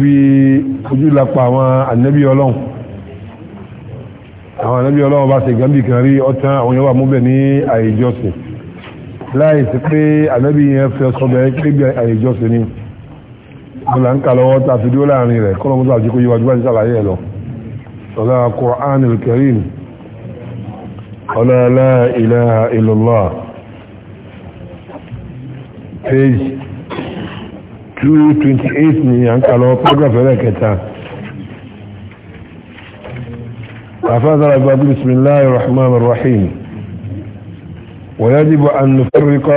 bí ojú lápá àwọn ànábì ọlọ́run àwọn ànábì ọlọ́run bá ṣe gàmbì kan rí ọtán àwọn yẹn wà múbẹ̀ ní àìjọsìn láì sí pé ànábì yẹn fẹ́ sọ́bẹ̀ pé àìjọsìn ni mo là ń kà lọ́wọ́ tá a fi dúró láàrin rẹ̀ kọ́lọ́ mọ́tò àti kò yíwájú bá ti sàlàyé ẹ̀ lọ ọ̀la Qur'an al-Karim ọ̀la la ilaha illallah page 228 ni à ń kà lọ program fẹ́rẹ̀ kẹta àfáàzára ìgbàgbé bisimilahi rahman rahim ويجب أن نفرق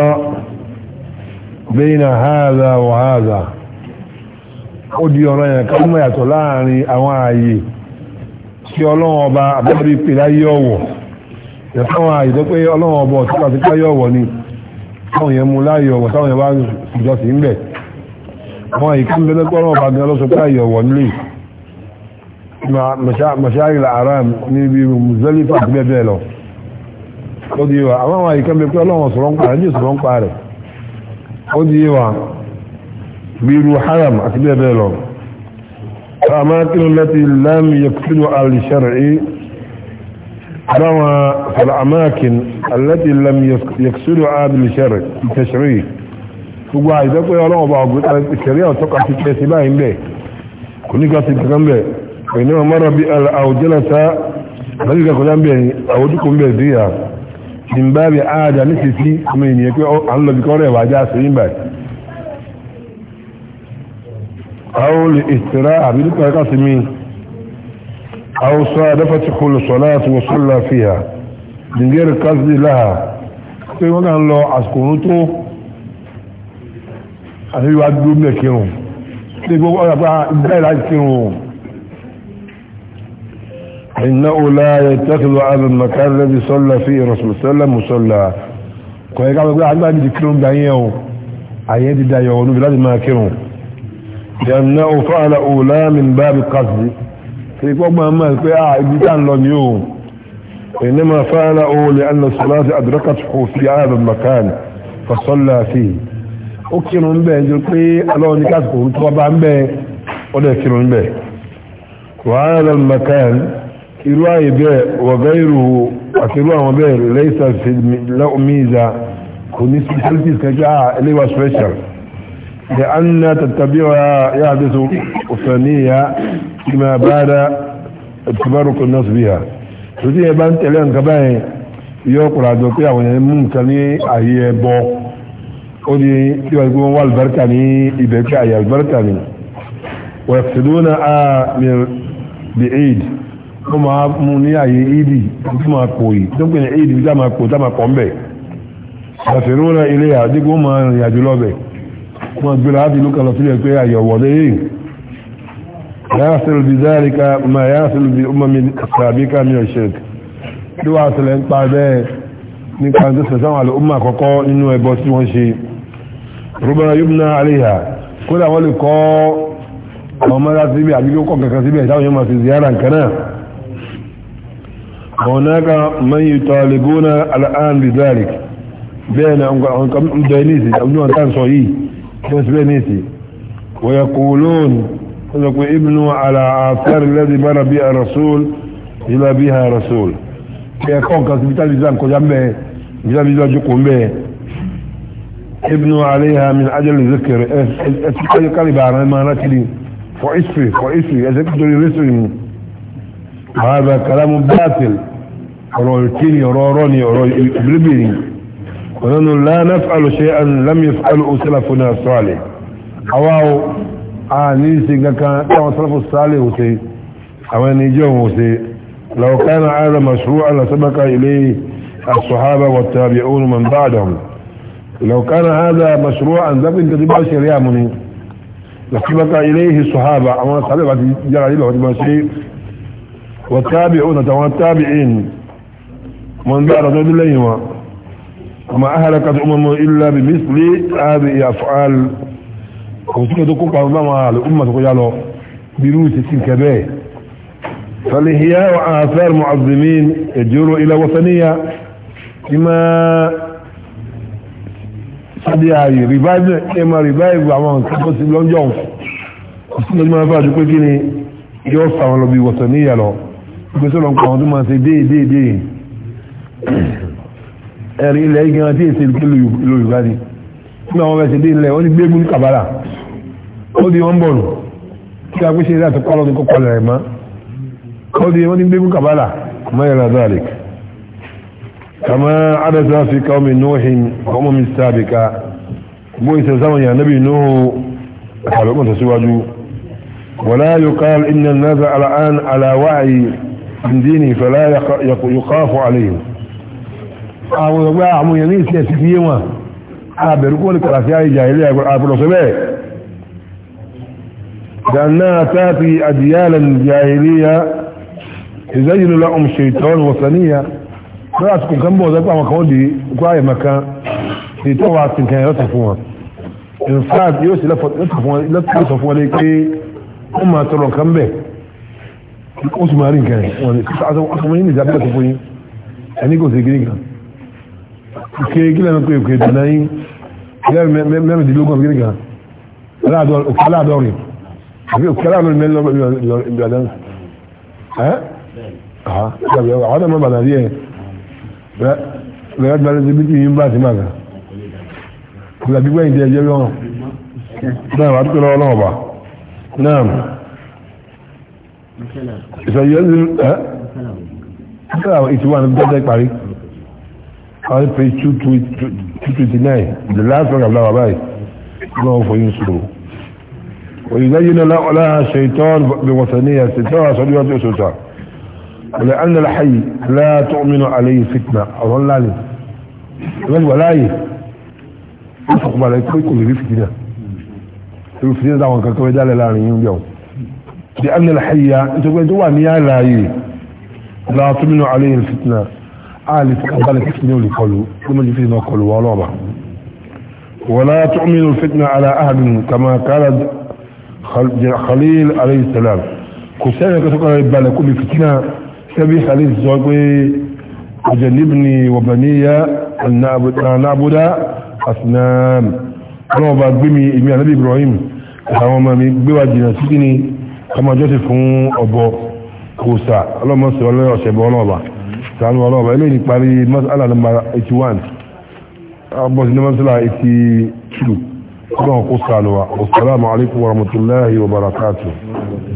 بين هذا وهذا ó di ọ̀rọ̀ yẹn ká mú yàtọ̀ láàrin àwọn ààyè tí ọlọ́run ọba abẹ́rẹ́ pè láyé ọ̀wọ̀ yàtọ̀ àwọn ààyè tó pé ọlọ́run ọba ọ̀tí pàṣípàá yọ̀wọ̀ ni táwọn yẹn mú láyé ọ̀wọ̀ táwọn yẹn bá jọ sí ń bẹ̀ àwọn ìkan bẹ̀rẹ̀ gbọ́rọ̀ ọba gan lọ́sọ pé àyẹ̀wọ̀ nílé mọ̀ṣáàrìlà aram níbi mùsẹ́lífà àti bẹ́ẹ̀ bẹ́ẹ̀ lọ ó di wa àwọn àwọn ìkan bẹ̀rẹ̀ pé ọlọ́wọ̀n sọ̀rọ̀ ń pa rẹ̀ ní ìsọ̀rọ̀ ń pa rẹ̀ ó di wa bíru haram àti bẹ́ẹ̀ bẹ́ẹ̀ lọ فأماكن التي لم يكفلها الشرع روى فالأماكن التي لم يكسرها بالشرع التشريع gbogbo àìdẹ́pẹ́ ọlọ́wọ́ bá ọgbẹ́ ìṣẹ̀rí ọ̀tọ́ka ti pẹ́ sí báyìí bẹ̀ kò ní gàtí kankan bẹ̀ ẹ̀nà ọmọdé bí àwòjẹ́lẹ̀ta lọ́jọ́ kankan bẹ̀ àwòjúkọ bẹ̀ sí ya ní bá bí ààdà ní sísí ọmọ ènìyàn pé à ń lọ bí kọ́rẹ́ ìwà ajá sí yín àwọn olè ìṣẹ̀rá àti wá dúró mẹ́ kírun ní gbogbo ọ̀rọ̀ pé bẹ́ẹ̀ láti kírun iná ọlá yẹtẹ́kìlọ alùmọ̀kárì lẹ́bi sọ́lá fi ìrọ̀sùn sọ́lá mùsọ́lá kọ̀ ẹ̀ká pé àgbà ti kírun gbà yẹn o àyè ti da yọ̀ olúbi láti máa kírun yẹnna òfò àlà ọlá mi bá bi kásì kí gbọ́gbọ́n máa pé ibi tá ń lọ ní o إنما فعله لأن الصلاة أدركته في هذا ó kírun bẹ́ẹ̀ jọ pé ọlọ́run ní kásìkò tó bá ń bẹ́ẹ̀ ó dẹ̀ kírun bẹ́ẹ̀ wàhálà makan irú ààyè bẹ́ẹ̀ wọ̀gá irú àti irú àwọn bẹ́ẹ̀ lẹ́yìnsà lẹ́ọ̀míza kò ní specialities kẹjọ à ah, eléwà special da an ya kima ba da tubarukun nasu biya tó tí ẹ bá ń tẹ̀lé nǹkan báyìí ó ní ìwà ìgbó wọn wà albarka ní ibẹ̀ pé àyà albarka ni wọ́n yà fìdó na a bí eid ó máa mú ní àyè eid tó máa pò yìí tó pè ní eid bí tá máa pò tá máa pọ̀ ń bẹ̀ àfẹ́rú na ilé àdígbò máa rìn àjò lọ́bẹ̀ wọ́n gbéra láti ìlú kan lọ sílẹ̀ pé àyẹ̀wò ọ̀dẹ́ yìí يصل بذلك ما يصل بأمم سابقة من الشرك دعا سلين قابل نكان تسلسان على أمة كوكو إنه يبوسي وانشي rúbẹ̀rẹ̀ yóò náà àríyà kódà wọ́n lè kọ́ ọmọ mẹ́ta síbẹ̀ àbí kó kọ́ kankan síbẹ̀ ìtàwọn yóò máa fi ziyara nǹkan náà هناك من يطالبون الآن بذلك بين أمدانيسي أبنوا كان صحيح بس بينيسي ويقولون يقول ابنوا على آثار الذي بنى بها رسول إلى بها رسول يكون كسبتال بزان كجنبه بزان بزان جقوم به ابنوا عليها من أجل ذكر أي قلب على ما نتلي فعسفي اذا أذكر رسري هذا كلام باطل رويتيني روروني رويبربيني ونحن لا نفعل شيئا لم يفعله سلفنا الصالح أواو آنيسي آه، كان سلف الصالح وسي أواني جو وسي لو كان هذا مشروعا لسبق إليه الصحابة والتابعون من بعدهم لو كان هذا مشروعا ذنب انت تبقى شريعة مني لقبك اليه الصحابة اما الصحابة جرى له ما شيء والتابعون والتابعين من بعد ذلك الله وما اهلكت امم الا بمثل هذه افعال وسكت كوكا وما الامة قيالو بروس سنكباه فالإحياء وآثار معظمين يجروا إلى وثنية إما sáde ààyè revive ẹ máa revive àwọn nǹkan tó ti lọ́jọ́ òsì lọ́jọ́ máa fàájú pé kí ni yóò fà wọn lọ bí wọ̀sán ní ìyàlọ́ pé sọ́lọ́ ń pa àwọn tó máa ṣe déédéédé ẹ̀rí ilẹ̀ igan tí èsì ìlú yorùbá ni nígbà wọn fẹ́ ṣe dé ilẹ̀ wọn ti gbégún kàbàrà ó di wọn bọ̀rù kí a pé ṣe láti pálọ́ ní kọ́kọ́ lẹ̀ mọ́ ó di wọn ti gbégún kàbàrà mọ́ ìrìn àdáàlẹ́kì كما عرضها في قوم نوح وقوم السابقة موسى زمن يا نبي نوح أحبه من تسواجه ولا يقال إن الناس الآن على وعي من دينه فلا يقاف عليهم أو يقول أعمو ينيس يسكيما أعبر قول كلاسي أي يقول أعبر صبي لأنها تاتي أديالا جاهلية يزين لهم الشيطان وثنية lọ́wọ́ àsìkò kan bọ̀ ọ̀dọ́ pé àwọn kan ó di gbọ́ àyẹ̀mọ̀ kan èyí tó wà sí nǹkan ẹ̀rọ fún wọn in fact yóò sì lọ́tọ̀ sọ fún wọn lé pé wọ́n máa tọrọ nǹkan bẹ̀ ó sì máa rí nǹkan ẹ̀ wọ́n ní asọ́mọ yín nìjà bẹ́ẹ̀ tó fún yín ẹni kò sí gírí kan òkè gílẹ̀ mi pé òkè dáná yín gílẹ̀ mẹ́rìndínlógún gírí kan òkè aláàdọ́rin àbí òkè aláàdọ́rin mẹ́rin lọ́rọ̀ ìgbàdán ẹ̀ àwọn ọmọ bàdàn rí ẹ̀ bẹ̀rẹ̀ gbalẹ̀ ti bíkì yín bá sí màgà kùlà gbígbẹ́ ìdí ẹjẹ́ lọ́wọ́ náà wàá tẹ̀lé ọlọ́wọ́ bá náà ìṣàyẹ̀ ẹ́ ẹ́ ìṣúwà ní gbọ́dọ̀ parí parí page two twenty nine the last one of our life náà fọ yín sùúrù òyìnbá yìí náà ọlá ṣètọ́ bí wọ́n sọ ní ẹ̀ ṣètọ́ àṣọ ولأن الحي لا تؤمن عليه فتنة أظن لاني الوجه ولاية يفق ما لك كل ذي فتنة الفتنة دعوة كما دال لاني يوم يوم لأن الحي أنت قلت هو مياه لاية لا تؤمن عليه الفتنة آل تقبل فتنة لقلو لما جفتنا قلو ولوبة ولا تؤمن الفتنة على أهل كما قال خليل عليه السلام كسانا كتقرأ بالكم فتنة gẹ́gẹ́ bí hadith sọ pé ọjọ̀lébìnì wọ̀bàníyà náàbúdá asnam ọlọ́wọ́ bá gbé mi ìmí anábì Ibrahim àwọn ọmọ mi gbéwà jìnà sí kí ni ọmọ jọ́sí fún ọbọ kòsà ọlọ́mọsí ọlọ́ọ̀ṣẹ̀bọ ọlọ́ọ̀bà sàánú ọlọ́ọ̀bà ilé ìparí masala number 81 abọ́sí ní masala 82 ọlọ́ọ̀kọ́